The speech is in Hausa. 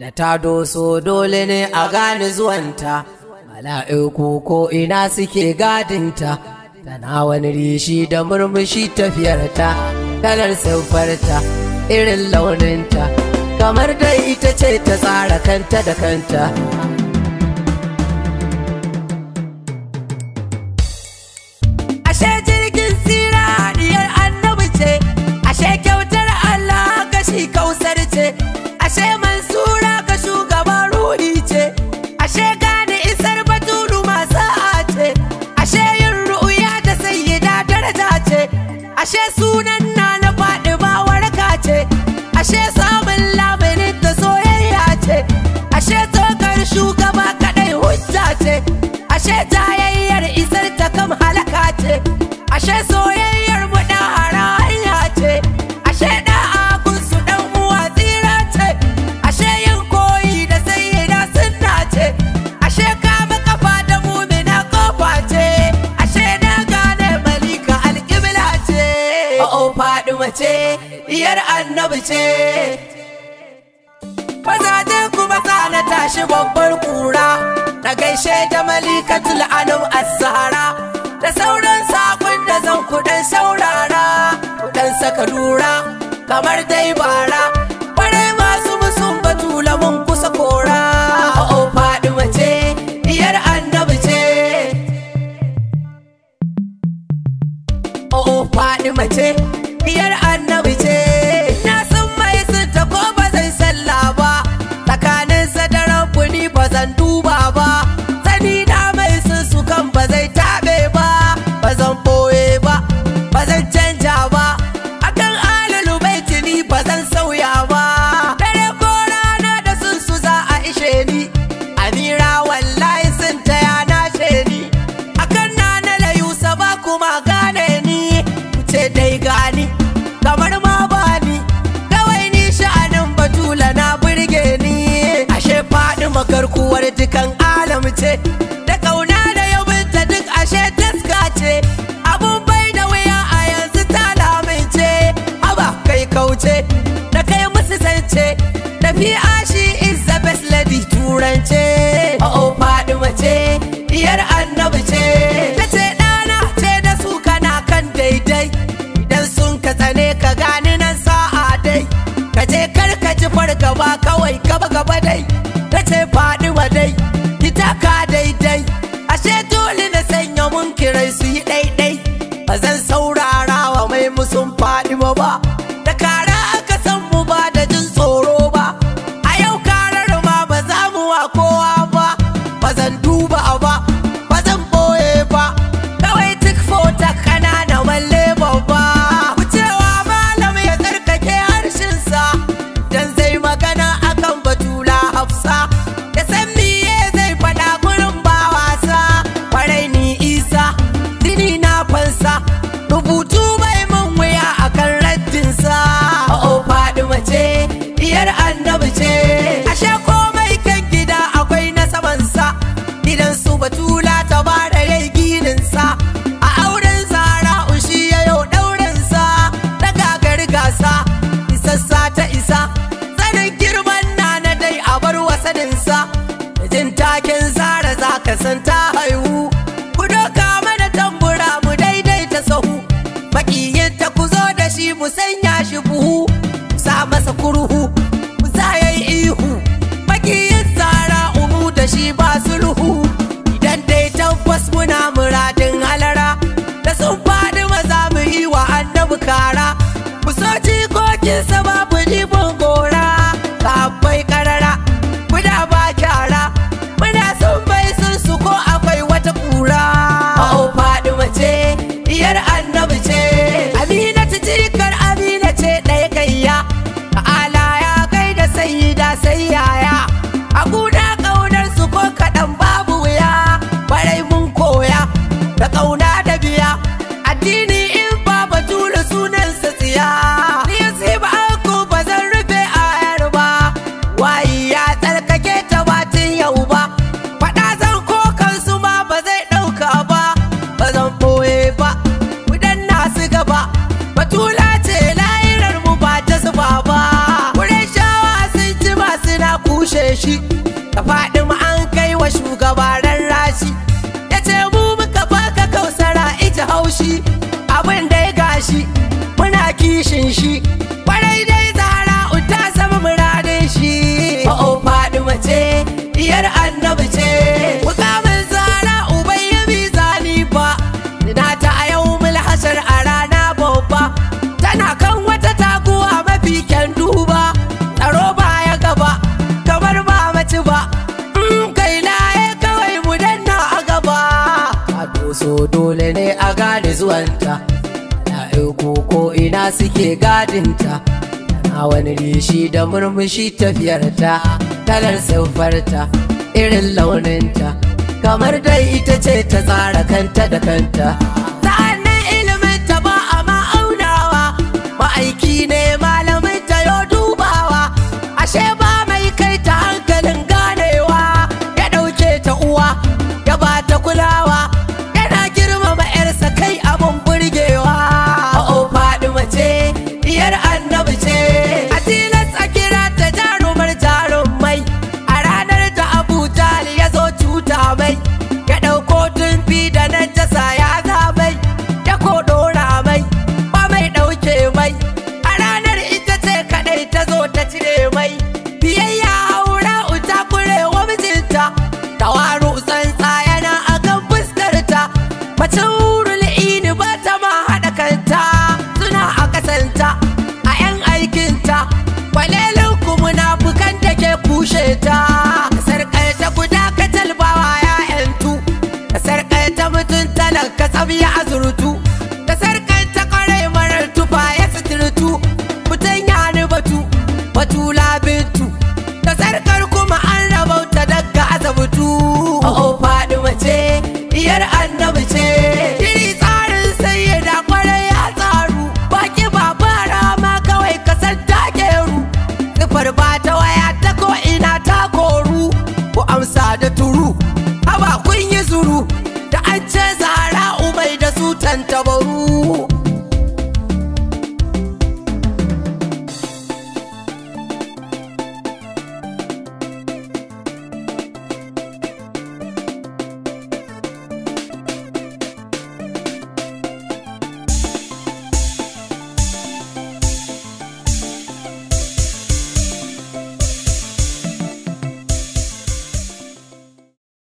da ta doso dole ne a gane zuwanta mala'iku ko ina suke gadinta tana wani rishi da murmushi tafiyarta kalar siffarta irin launinta kamar dai ita ce ta tsara kanta da kanta ashe sunan na na faɗi ba waraka ce ashe samun laminin ta soyayya ce ashe tsokar shugaba kaɗai hujja ce ashe tayayyar isar ta kam halaka ce ashe so ce maza kuma sa na tashi babbar kura na gaishe da malikatul anum asara da sauran sakon da zan kudan saurara kudan saka lura kamar dai bara Rabi'a she is the best lady turance oh, oh Fatima ce diyar annabi ce Ta ce ɗana ce da su kana kan daidai Idan sun ka tsane ka gani nan sa'a dai Ka je kar ka ji fargaba kawai gaba gaba dai Ta ce Fatima dai ita ka daidai Ashe dole na sanya mun kirai su yi daidai Ba zan saurara wa mai musun Fatima ba Da mu sanya shi buhu sa masa kurhu za ya yi ihu makiyin tsara umu da shi ba sulhu idan dai tabbas muna muradin halara da sun faɗi maza mu yi wa annabu kara mu so jikokinsa ba dole ne a gane zuwanta mala'iku ko ina suke gadinta tana wani rishi da murmushi tafiyarta kalar siffarta irin launinta kamar dai ita ce ta tsara kanta da kanta mace wurul ini ba ta ma haɗa kanta suna a kasanta a 'yan aikinta kwalelin ku munafukan da ke kushe ta sarƙar ta guda ka talbawa 'ya'yantu sarƙar ta mutum talan ka tsabiya azurtu zan tabaru